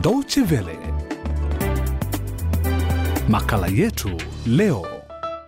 Deutsche Welle. Makala yetu leo.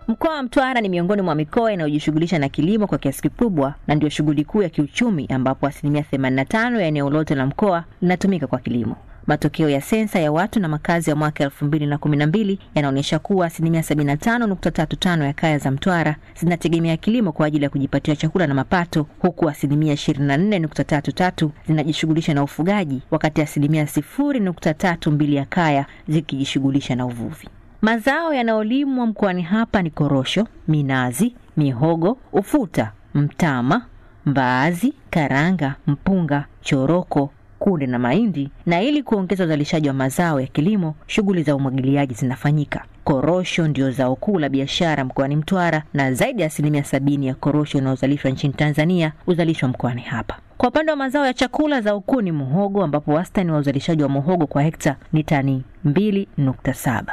Mkoa wa Mtwara ni miongoni mwa mikoa inayojishughulisha na kilimo kwa kiasi kikubwa na ndio shughuli kuu ya kiuchumi ambapo asilimia 85 ya eneo lote la mkoa linatumika kwa kilimo. Matokeo ya sensa ya watu na makazi ya mwaka elfu mbili na kumi na mbili yanaonyesha kuwa asilimia sabini na tano nukta tatu tano ya kaya za Mtwara zinategemea kilimo kwa ajili ya kujipatia chakula na mapato, huku asilimia ishirini na nne nukta tatu tatu zinajishughulisha na ufugaji, wakati asilimia sifuri nukta tatu mbili ya kaya zikijishughulisha na uvuvi. Mazao yanayolimwa mkoani hapa ni korosho, minazi, mihogo, ufuta, mtama, mbaazi, karanga, mpunga, choroko kunde na mahindi, na ili kuongeza uzalishaji wa mazao ya kilimo, shughuli za umwagiliaji zinafanyika. Korosho ndio zao kuu la biashara mkoani Mtwara, na zaidi ya asilimia sabini ya korosho inayozalishwa nchini Tanzania huzalishwa mkoani hapa. Kwa upande wa mazao ya chakula, zao kuu ni muhogo, ambapo wastani wa uzalishaji wa muhogo kwa hekta ni tani 27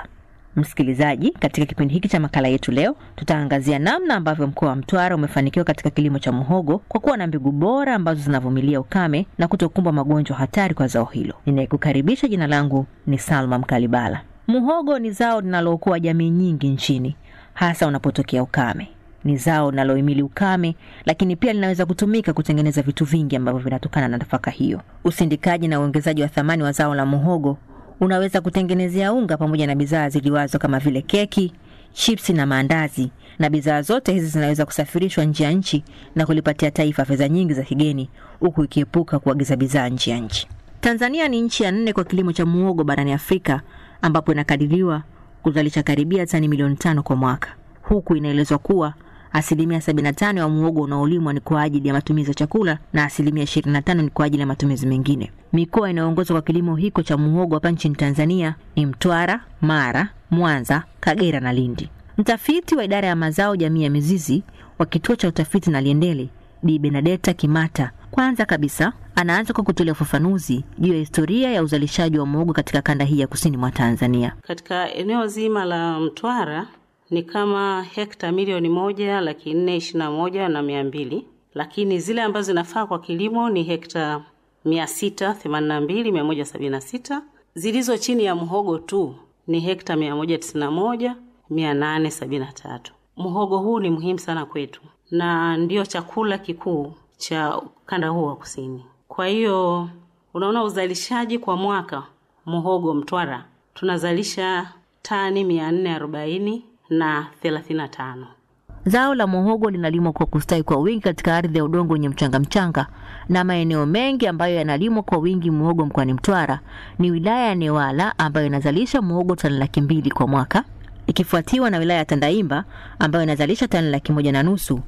Msikilizaji, katika kipindi hiki cha makala yetu leo tutaangazia namna ambavyo mkoa wa Mtwara umefanikiwa katika kilimo cha muhogo kwa kuwa na mbegu bora ambazo zinavumilia ukame na kutokumbwa magonjwa hatari kwa zao hilo. Ninayekukaribisha, jina langu ni Salma Mkalibala. Muhogo ni zao linalookoa jamii nyingi nchini, hasa unapotokea ukame. Ni zao linaloimili ukame, lakini pia linaweza kutumika kutengeneza vitu vingi ambavyo vinatokana na nafaka hiyo. Usindikaji na uongezaji wa thamani wa zao la muhogo Unaweza kutengenezea unga pamoja na bidhaa ziliwazo kama vile keki, chipsi na maandazi, na bidhaa zote hizi zinaweza kusafirishwa nje ya nchi na kulipatia taifa fedha nyingi za kigeni, huku ikiepuka kuagiza bidhaa nje ya nchi. Tanzania ni nchi ya nne kwa kilimo cha muogo barani Afrika, ambapo inakadiriwa kuzalisha karibia tani milioni tano kwa mwaka, huku inaelezwa kuwa asilimia 75 ya muhogo unaolimwa ni kwa ajili ya matumizi ya chakula na asilimia 25 ni kwa ajili ya matumizi mengine. Mikoa inayoongozwa kwa kilimo hiko cha muhogo hapa nchini Tanzania ni Mtwara, Mara, Mwanza, Kagera na Lindi. Mtafiti wa idara ya mazao jamii ya mizizi wa kituo cha utafiti na Liendele, Bi Benadeta Kimata, kwanza kabisa anaanza kwa kutolea ufafanuzi juu ya historia ya uzalishaji wa muhogo katika kanda hii ya kusini mwa Tanzania. Katika eneo zima la Mtwara ni kama hekta milioni moja laki nne ishirini na moja na mia mbili lakini zile ambazo zinafaa kwa kilimo ni hekta mia sita themanini na mbili mia moja sabini na sita zilizo chini ya mhogo tu ni hekta mia moja tisini na moja mia nane sabini na tatu mhogo huu ni muhimu sana kwetu na ndiyo chakula kikuu cha ukanda huu wa kusini kwa hiyo unaona uzalishaji kwa mwaka mhogo mtwara tunazalisha tani mia nne arobaini na 35. Zao la muhogo linalimwa kwa kustawi kwa wingi katika ardhi ya udongo wenye mchanga mchanga, na maeneo mengi ambayo yanalimwa kwa wingi muhogo mkoani Mtwara ni wilaya ya Newala ambayo inazalisha muhogo tani laki mbili kwa mwaka, ikifuatiwa na wilaya ya Tandaimba ambayo inazalisha tani laki moja na nusu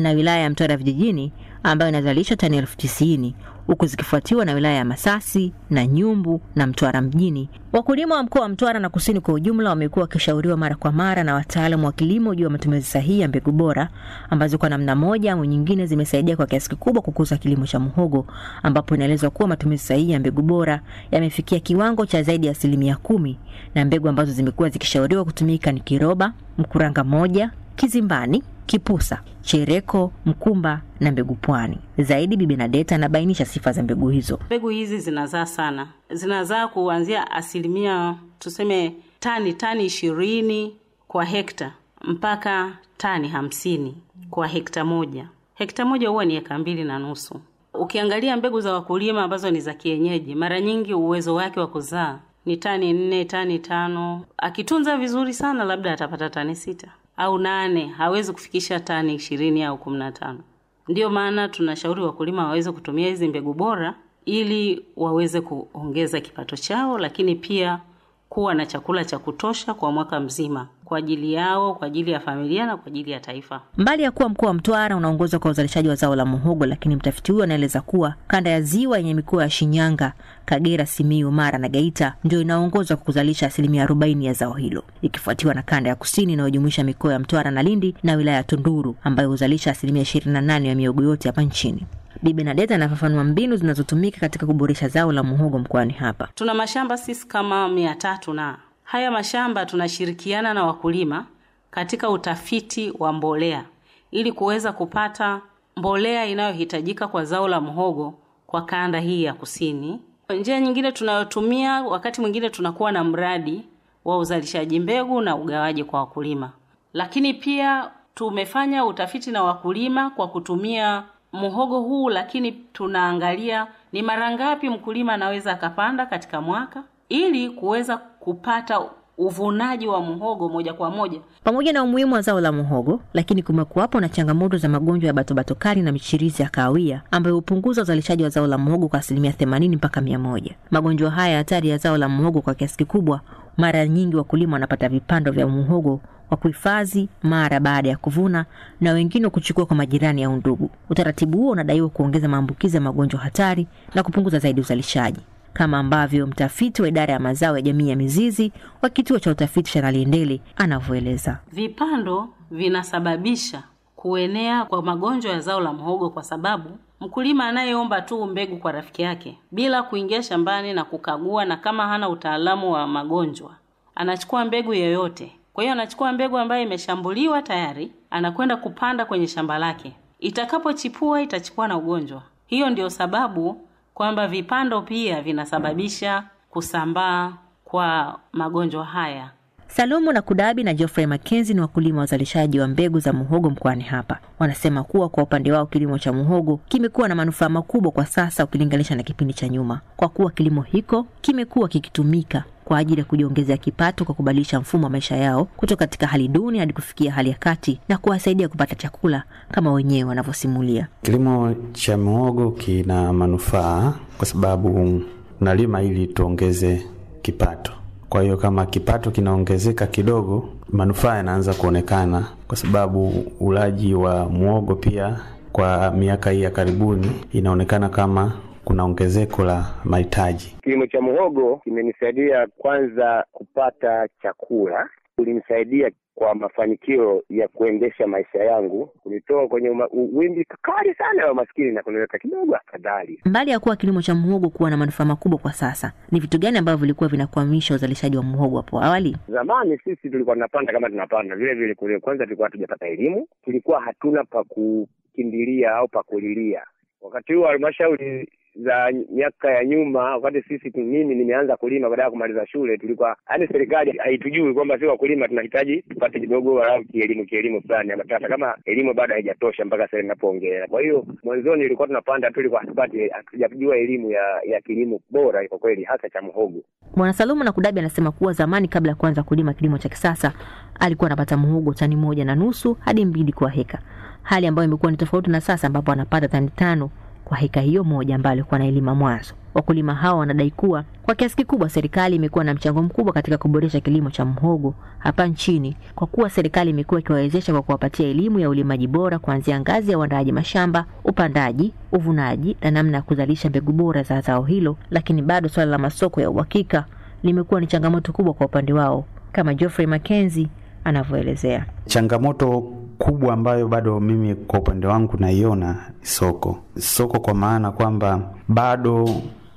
na wilaya ya Mtwara vijijini ambayo inazalisha tani elfu tisini huku zikifuatiwa na wilaya ya Masasi na Nyumbu na Mtwara mjini. Wakulima wa mkoa wa Mtwara na kusini kwa ujumla wamekuwa wakishauriwa mara kwa mara na wataalamu wa kilimo juu ya matumizi sahihi ya mbegu bora ambazo kwa namna moja au nyingine zimesaidia kwa kiasi kikubwa kukuza kilimo cha muhogo, ambapo inaelezwa kuwa matumizi sahihi ya mbegu bora yamefikia kiwango cha zaidi ya asilimia kumi, na mbegu ambazo zimekuwa zikishauriwa kutumika ni Kiroba, Mkuranga moja, Kizimbani, Kipusa, Chereko, Mkumba na mbegu Pwani. Zaidi, Bibi Nadeta anabainisha sifa za mbegu hizo. Mbegu hizi zinazaa sana, zinazaa kuanzia asilimia tuseme tani tani ishirini kwa hekta mpaka tani hamsini kwa hekta moja. Hekta moja huwa ni eka mbili na nusu. Ukiangalia mbegu za wakulima ambazo ni za kienyeji, mara nyingi uwezo wake wa kuzaa ni tani nne, tani tano. Akitunza vizuri sana, labda atapata tani sita au nane hawezi kufikisha tani ishirini au kumi na tano. Ndiyo maana tunashauri wakulima waweze kutumia hizi mbegu bora ili waweze kuongeza kipato chao, lakini pia kuwa na chakula cha kutosha kwa mwaka mzima kwa ajili yao, kwa ajili ya familia na kwa ajili ya taifa. Mbali ya kuwa mkoa wa Mtwara unaongozwa kwa uzalishaji wa zao la muhogo, lakini mtafiti huyo anaeleza kuwa kanda ya ziwa yenye mikoa ya Shinyanga, Kagera, Simiyu, Mara na Geita ndio inaongozwa kwa kuzalisha asilimia arobaini ya zao hilo, ikifuatiwa na kanda ya kusini inayojumuisha mikoa ya Mtwara na Lindi na wilaya ya Tunduru ambayo huzalisha asilimia ishirini na nane ya miogo yote hapa nchini. Bi Benadeta anafafanua mbinu zinazotumika katika kuboresha zao la muhogo mkoani hapa. Tuna mashamba sisi kama mia tatu na Haya mashamba tunashirikiana na wakulima katika utafiti wa mbolea ili kuweza kupata mbolea inayohitajika kwa zao la mhogo kwa kanda hii ya kusini. Njia nyingine tunayotumia, wakati mwingine tunakuwa na mradi wa uzalishaji mbegu na ugawaji kwa wakulima, lakini pia tumefanya utafiti na wakulima kwa kutumia mhogo huu, lakini tunaangalia ni mara ngapi mkulima anaweza akapanda katika mwaka ili kuweza kupata uvunaji wa muhogo moja kwa moja. Pamoja na umuhimu wa zao la muhogo lakini kumekuwapo na changamoto za magonjwa ya batobato kali na michirizi ya kahawia ambayo hupunguza uzalishaji wa zao la muhogo kwa asilimia themanini mpaka mia moja. Magonjwa haya hatari ya zao la muhogo kwa kiasi kikubwa, mara nyingi wakulima wanapata vipando vya muhogo wa kuhifadhi mara baada ya kuvuna na wengine kuchukua kwa majirani au ndugu. Utaratibu huo unadaiwa kuongeza maambukizi ya magonjwa hatari na kupunguza zaidi uzalishaji kama ambavyo mtafiti wa idara ya mazao ya jamii ya mizizi wa kituo cha utafiti cha Naliendele anavyoeleza. Vipando vinasababisha kuenea kwa magonjwa ya zao la mhogo kwa sababu mkulima anayeomba tu mbegu kwa rafiki yake bila kuingia shambani na kukagua, na kama hana utaalamu wa magonjwa, anachukua mbegu yoyote. Kwa hiyo anachukua mbegu ambayo imeshambuliwa tayari, anakwenda kupanda kwenye shamba lake, itakapochipua itachukua na ugonjwa. Hiyo ndio sababu kwamba vipando pia vinasababisha kusambaa kwa magonjwa haya. Salomo na Kudabi na Geoffrey Mackenzie ni wakulima wazalishaji wa mbegu za muhogo mkoani hapa. Wanasema kuwa kwa upande wao kilimo cha muhogo kimekuwa na manufaa makubwa kwa sasa ukilinganisha na kipindi cha nyuma, kwa kuwa kilimo hiko kimekuwa kikitumika kwa ajili ya kujiongezea kipato kwa kubadilisha mfumo wa maisha yao kutoka katika hali duni hadi kufikia hali ya kati na kuwasaidia kupata chakula kama wenyewe wanavyosimulia. Kilimo cha mwogo kina manufaa kwa sababu nalima ili tuongeze kipato. Kwa hiyo kama kipato kinaongezeka kidogo, manufaa yanaanza kuonekana, kwa sababu ulaji wa mwogo pia kwa miaka hii ya karibuni inaonekana kama kuna ongezeko la mahitaji. Kilimo cha muhogo kimenisaidia kwanza kupata chakula, kulinisaidia kwa mafanikio ya kuendesha maisha yangu, kunitoa kwenye wimbi kali sana ya umaskini na kuniweka kidogo afadhali. Mbali ya kuwa kilimo cha muhogo kuwa na manufaa makubwa kwa sasa, ni vitu gani ambavyo vilikuwa vinakwamisha uzalishaji wa muhogo hapo awali? Zamani sisi tulikuwa tunapanda kama tunapanda vile vile kule, kwanza tulikuwa hatujapata elimu, tulikuwa hatuna pa kukimbilia au pa kulilia. Wakati huo halmashauri za miaka ya nyuma, wakati sisi mimi nimeanza kulima baada ya kumaliza shule, tulikuwa yaani serikali haitujui kwamba si wakulima tunahitaji tupate kidogo angalau kielimu kielimu fulani, hata kama elimu bado haijatosha mpaka sasa ninapoongea. Kwa hiyo mwanzoni ilikuwa tunapanda tu, ilikuwa hatupati hatujajua elimu ya ya kilimo bora kwa kweli, hasa cha muhogo. Bwana Salumu na Kudabi anasema kuwa zamani kabla ya kuanza kulima kilimo cha kisasa alikuwa anapata muhogo tani moja na nusu hadi mbili kwa heka, hali ambayo imekuwa ni tofauti na sasa ambapo anapata tani tano kwa heka hiyo moja ambayo alikuwa nailima mwanzo. Wakulima hao wanadai kuwa kwa kiasi kikubwa serikali imekuwa na mchango mkubwa katika kuboresha kilimo cha mhogo hapa nchini, kwa kuwa serikali imekuwa ikiwawezesha kwa kuwapatia elimu ya ulimaji bora kuanzia ngazi ya uandaaji mashamba, upandaji, uvunaji na namna ya kuzalisha mbegu bora za zao hilo. Lakini bado suala la masoko ya uhakika limekuwa ni changamoto kubwa kwa upande wao, kama Geoffrey Mackenzie anavyoelezea changamoto kubwa ambayo bado mimi kwa upande wangu naiona soko soko, kwa maana kwamba bado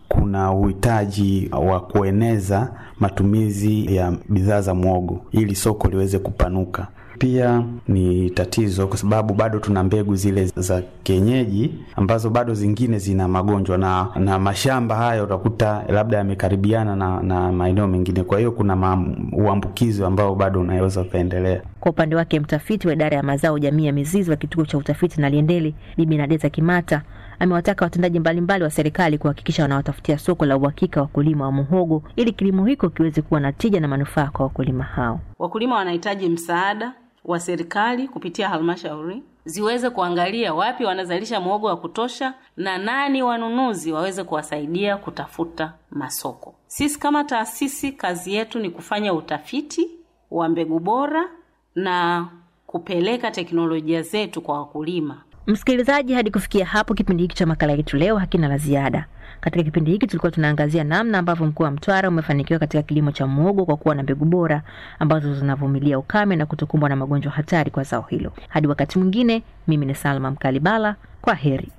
kuna uhitaji wa kueneza matumizi ya bidhaa za mwogo ili soko liweze kupanuka. Pia ni tatizo kwa sababu bado tuna mbegu zile za kienyeji ambazo bado zingine zina magonjwa na, na mashamba hayo utakuta labda yamekaribiana na, na maeneo mengine, kwa hiyo kuna uambukizi ambao bado unaweza ukaendelea. Kwa upande wake mtafiti wa idara ya mazao jamii ya mizizi wa kituo cha utafiti na liendele Bibi Nadeza Kimata amewataka watendaji mbalimbali wa serikali kuhakikisha wanawatafutia soko la uhakika wakulima wa muhogo ili kilimo hiko kiweze kuwa na tija na manufaa kwa wakulima hao. Wakulima wanahitaji msaada wa serikali kupitia halmashauri ziweze kuangalia wapi wanazalisha muhogo wa kutosha na nani wanunuzi waweze kuwasaidia kutafuta masoko. Sisi kama taasisi kazi yetu ni kufanya utafiti wa mbegu bora na kupeleka teknolojia zetu kwa wakulima. Msikilizaji, hadi kufikia hapo kipindi hiki cha makala yetu leo hakina la ziada. Katika kipindi hiki tulikuwa tunaangazia namna ambavyo mkoa wa Mtwara umefanikiwa katika kilimo cha muogo kwa kuwa na mbegu bora ambazo zinavumilia ukame na kutokumbwa na magonjwa hatari kwa zao hilo. Hadi wakati mwingine, mimi ni Salma Mkalibala, kwa heri.